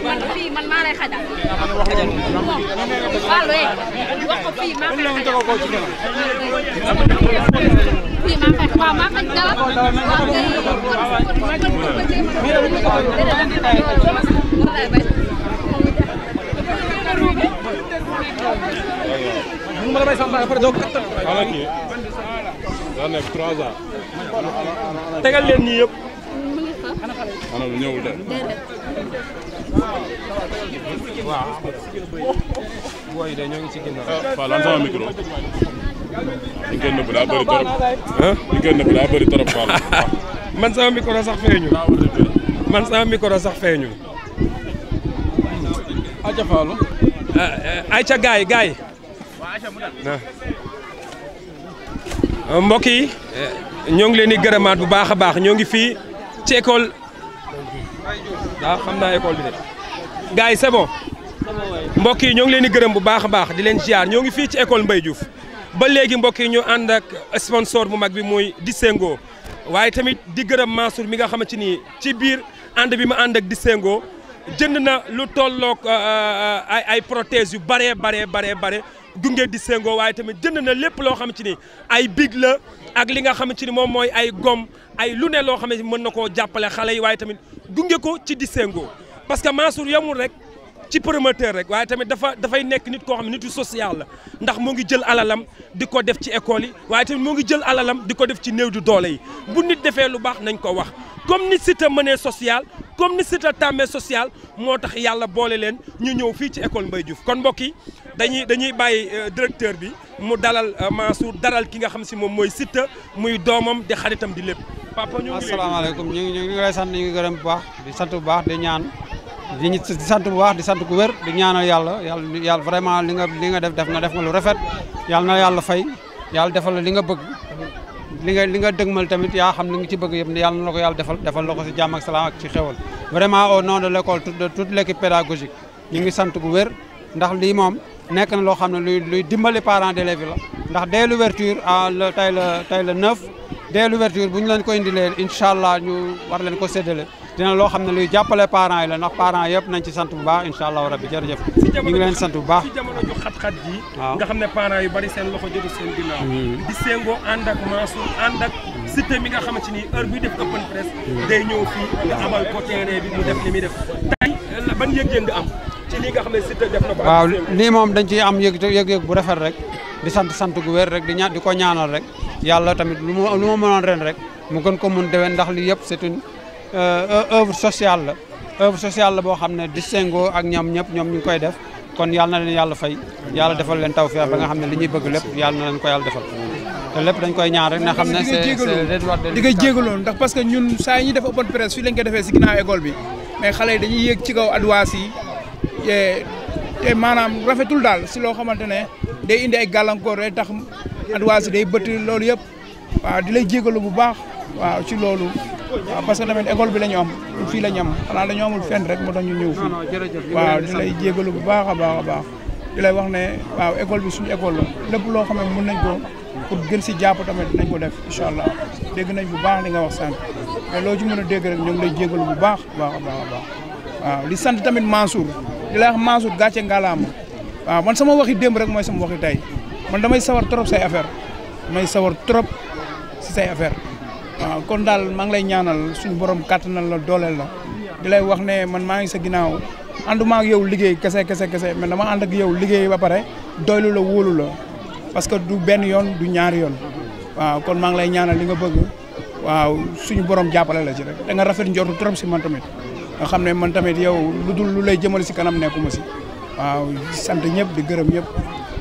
man fii man maa lay xajal. waaw looyee wax ko fii maa ngi koy xajal. fii maa ngi koy waaw maa ngi koy dalal waaw kay kon kon kon jéem a def. tegal leen ñii yëpp. ana ñëwul de. waaw booy ngi ci ginnaaw. Ah, Fall am sama micro. man sax feeñu. man sama micro sax feeñu. ayca Fall. ayca ah, eh, gars ah. yi ñoo ngi leen di gërëmaat bu baax a baax ñoo ngi fii ci école. waaw xam naa école bi de. gars yi c'est mbokk yi ñoo ngi leen di gërëm bu baax a baax di leen ziar ñoo ngi fii ci école Mbaye Diouf ba léegi mbokk yi ñu ànd ak sponsor bu mag bi muy Distingo waaye tamit di gërëm Mansour mi nga xamante ni ci biir ànd bi mu ànd ak Distingo jënd na lu tollook euh, euh, ay ay prothèses yu baree baree baree bare gunge Distingo waaye tamit jënd na lépp loo xamante ni ay big la ak li nga xamante ni moom mooy ay gom ay lu ne loo xam ni mën na koo jàppale xale yi waaye tamit gunge ko ci Distingo parce que Mansour yamul rek ci promoteur rek waaye tamit dafa dafay nekk nit koo xam ne nitu social la ndax mu ngi jël alalam di ko def ci école yi waaye tamit moo ngi jël alalam di ko def ci néew du doole yi bu nit defee lu baax nañ ko wax comme ni Siteu mënee social comme ni Siteu tàmmee social moo tax yàlla boole leen ñu ñëw fii ci école mbay Diouf kon mbokk yi dañuy dañuy bàyyi euh, directeur bi mu dalal euh, Mansour dalal ki nga xam si moom mooy Siteu muy doomam di xaritam di lépp. papa ñu ngi asalaamaaleykum ñu ngi ñu ngi lay ñaan. di sant bu baax di sant ku wér di ñaanal yàlla yàlla yàlla vraiment li nga li nga def def nga def nga lu rafet yàlla na yàlla fay yàlla defal la li nga bëgg li nga li nga dëgmal tamit yaa xam li nga ci bëgg yëpp yàlla na la ko yàlla defal defal la ko si jàmm ak salaam ak ci xewal vraiment au nom de l' école de toute l' équipe ñu ngi sant gu wér ndax lii moom nekk na loo xam ne luy luy dimbali parents d'élèves la ndax dès l' ouverture à le tey la tey le 9 dès bu ñu leen ko indilee incha allah ñu war leen ko séddale dina loo xam ne luy jàppale parent yi la ndax parents yëpp nañ ci sant bu baax incha allahu rabi jërëjëf ñu ngi leen sant bu baax ci jamono ji waaw nga xam ne parents yu bari seen loxo jotu seen ginnaaw hmm. di séngoo ànd ak Mansour ànd ak Siteu mi nga xamante ni heure bi def open press hmm. day ñëw fii nga abal ko terrain bi mu def li muy def tey ban yëg-yëg nga am ci li nga xam ne Siteu def na ko waaw lii moom dañ ciy am yëg yëg bu rafet rek di sant sant gu weer rek di ñaan di ko ñaanal rek yàlla tamit lu mu ma mënoon ren rek mu gën ko mun déwén ndax li yëpp c'est Euh, euh, œuvre sociale la œuvre la boo xam ne distingo ak ñoom ñëpp ñoom ñu ngi koy def kon yàlla na leen yàlla fay yàlla defal leen taw tawfeex ba nga xam ne li ñuy bëgg lépp yàlla na leen ko yàlla defal te lépp dañ koy ñaan rek na xam ne di nga jégaloon ndax parce que ñun saa yi ñuy def open presse fii lañ ko defee si ginnaaw école bi mais xale yi dañuy yéeg ci kaw adwaas yi te maanaam rafetul daal si loo xamante ne day indi ay gàllankoor day tax adwaas yi day bëtt loolu yëpp waaw di lay jégalu bu baax waaw ci loolu waaw ah, parce que tamit école bi la ñu am fii la ñu am xanaa dañoo amul fenn rek moo tax ñu ñëw fii waaw di lay jégalu bu baax a baax baax di lay wax ne waaw école bi suñu école la lépp loo xam ne mën nañ ko pour gën si jàpp tamit dinañ ko def incha allah dégg nañ bu baax li nga wax sant mais loo ci mën a ñoo ngi lay jégalu bu baax baax a baax waaw sant tamit Mansour di lay wax Mansour gàcce ngalaama waaw man sama waxi démb rek mooy sama waxi tey man damay sawar trop say affaire damay sawar trop si say affaire waaw kon daal maa ngi lay ñaanal suñu borom kàttanal la dooleel la di lay wax ne man maa ngi sa ginnaaw ànduma yow liggéey kese kese kese ma dama ànd ak yow liggéey ba pare doylu la wóolu la parce que du benn yoon du ñaari yoon waaw kon maa ngi lay ñaanal li nga bëgg waaw suñu borom jàppale la ci rek da nga rafet njortu trop si man nga xam ne man tamit yow lu dul lu lay jëmale si kanam nekkuma si waaw sant ñëpp di gërëm ñëpp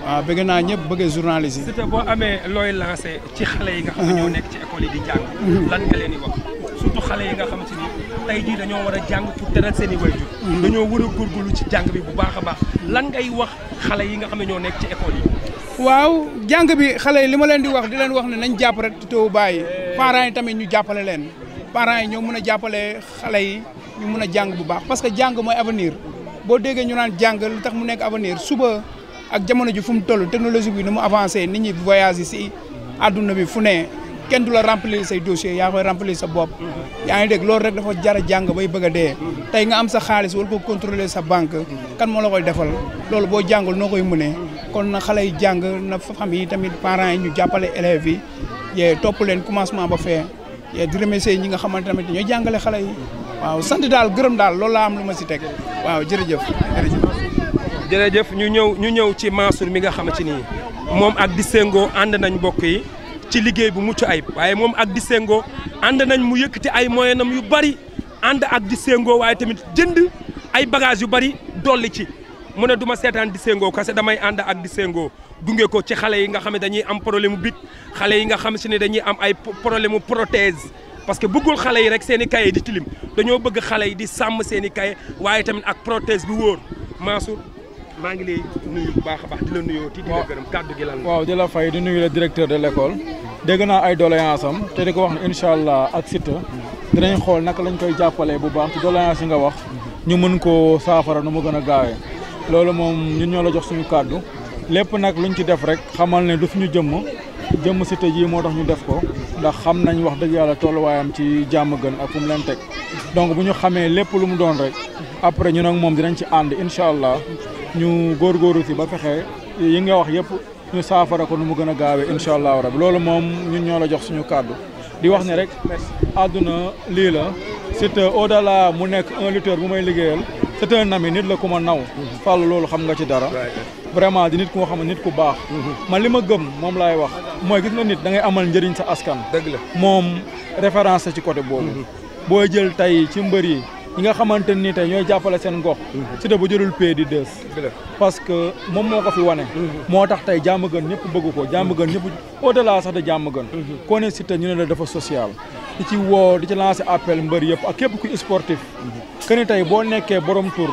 waaw bëgg naa ñëpp bëgg journaliste yi. surtout boo amee looy lancé ci xale yi nga xam ne ñoo nekk ci école yi di jàng. Mhm. lan nga leen di wax surtout xale yi nga xam ci ni tey jii dañoo war a jàng pour teral seen i wayjur. Mhm. dañoo war a góorgóorlu ci jàng bi bu baax a baax lan ngay wax xale yi nga xam ne ñoo nekk ci école yi. waaw jàng bi xale yi li ma leen di wax di leen wax ne nañ jàpp rek teewu bàyyi eh. parents yi tamit ñu jàppale leen parent yi ñoo mën a jàppale xale yi ñu mën a jàng bu baax parce que jàng mooy avenir boo déggee ñu naan jàng lu tax mu nekk avenir suba ak jamono ji fu mu toll technologie bi nu mu avancé ni ñi voyage si àdduna bi fu ne kenn du la remplir say dossier yaa koy remplir sa bopp yaa ngi dégg loolu rek dafa jar a jàng bay bëgg a dee tey nga am sa xaalis wal ko contrôler sa banque kan moo la koy defal loolu boo jàngul noo koy mënee kon na xale yi jàng na famille yi tamit parents yi ñu jàppale élèves yi yee topp leen commencement ba fee yee di remercier ñi nga xamante tamit ñooy jàngale xale yi waaw sant daal gërëm daal loolu laa am lu ma si teg waaw jërëjëf jërëjëf ñu ñëw ñu ñëw ci Mansour mi nga xamante ni moom ak Distingo ànd nañ mbokk yi ci liggéey bu mucc ayib waaye moom ak Distingo ànd nañ mu yëkkti ay moyenam yu bari ànd ak séngoo waaye tamit jënd ay bagages yu bari dolli ci mu ne du ma seetaan Distingo kase damay ànd ak Distingo gunge ko ci xale yi nga xam ne dañuy am problème mu bit xale yi nga xam si ne dañuy am ay poroblème mu prothèse parce que bëggul xale yi rek seen i kaye di tilim dañoo bëgg xale yi di sàmm seeni i kaye waaye tamit ak prothèse bi wóor Mansour maa ngi lay bu baax a baax di la nuyoo di la gërëm kàddu gi lan waaw di la fay di nuyu le directeur de l' dégg naa ay doléance am te di ko wax ne incha allah ak Siteu. dinañ xool naka lañ koy jàppalee bu baax ci doléance yi nga wax. ñu mën koo saafara nu mu gën a gaawee. loolu moom ñun ñoo la jox suñu kàddu. lépp nag luñu ci def rek xamal ne du suñu jëmm. jëmm Siteu jii moo tax ñu def ko ndax xam nañu wax dëgg yàlla tolluwaayam ci jàmm gën ak fu mu leen teg donc bu ñu xamee lépp lu mu doon rek après ñu ak moom dinañ ci ànd incha allah ñu góorgóorlu si ba fexe yi nga wax yëpp ñu saafara ko nu mu gën a gaawee incha allahu rabi loolu moom ñun ñoo la jox suñu kàddu di wax ne rek àdduna lii la Siteu au delà mu nekk un lutteur bu may liggéeyal c'est un ami nit la ku ma naw fàll loolu xam nga ci dara vraiment di nit ku nga nit ku baax man li ma gëm moom laay wax mooy gis nga nit da ngay amal njëriñ sa askan dëgg la moom référence ci côté boobu mhm. booy jël tey ci mbër yi ñi nga xamante ni tey ñooy jàppale seen gox. Siteu mhm. bu jëlul pay di des. parce que moom moo ko fi wane. Mhm. moo tax tey jàmm gën ñëpp bëgg ko jàmm gën ñëpp au delà sax de jàmm gën. Mhm. koo ne ñu ne la dafa social. di ci woo di ci lancer appel mbër yëpp ak képp ku sportif. que tey boo nekkee borom tur.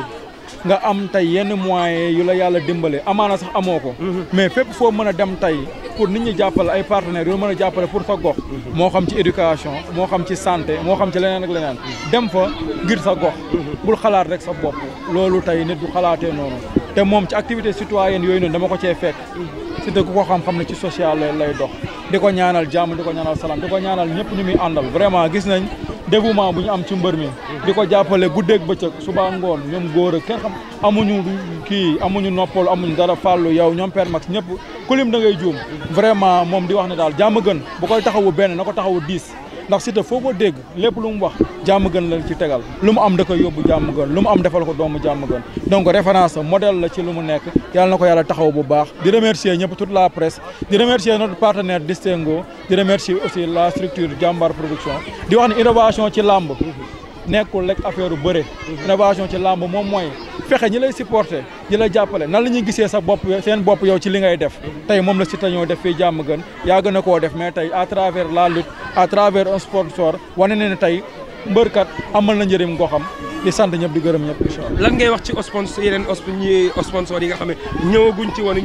nga am tey yenn moyens yu la yàlla dimbale amaana sax amoo ko. mais pépp foo mën a dem tey. pour nit ñi jàppale ay partenaires yoo mën a jàppale pour sa gox mhm. moo xam ci éducation moo xam ci santé moo xam ci leneen ak leneen dem fa ngir sa mhm. bul xalaat rek sa bopp loolu tey nit du xalaatee noonu te moom ci activité citoyenne yooyu noonu dama ko cee fekk mhm. si dëgg ko xam-xam ne ci social lay dox di ko ñaanal jàmm di ko ñaanal salaam di ko ñaanal ñëpp ñu muy àndal vraiment gis nañ dévouement bu ñu am ci mbër mi di ko jàppale guddeeg bëccëg suba ngoon ñoom góor ak kenn xam amuñu kii amuñu noppal amuñu dara kulim da ngay juum vraiment moom di wax ne daal jàmm gën bu koy taxawu benn na ko taxawu diis ndax Siteu foo ko dégg lépp lu mu wax jàmm gën la ci tegal lu mu am da koy yóbbu jàmm gën lu mu am defal ko doomu jàmm gën donc référence modèle la ci lu mu nekk yàlla na ko yàlla taxaw bu baax di remercier ñëpp toute la presse di remercier notre partenaire Distingo di remercier aussi la structure Jàmbaar Production di wax ne innovation ci làmb nekkul rek affaire bëre innovation ci làmb moom mooy fexe ñi lay supporter ñi lay jàppale nan la ñuy gisee sa bopp seen bopp yow ci li ngay def tey moom la si tañoo def fii jàmm gën yaa gën a koo def mais tey à travers la lutte à travers un sponsor wane ne ne tey mbërkat amal na njëriñ goxam di sant ñëpp di gërëm ñëpp incha allah lan ngay wax ci sponsor yeneen sponsor yi nga xam ne ñëwaguñ ci woon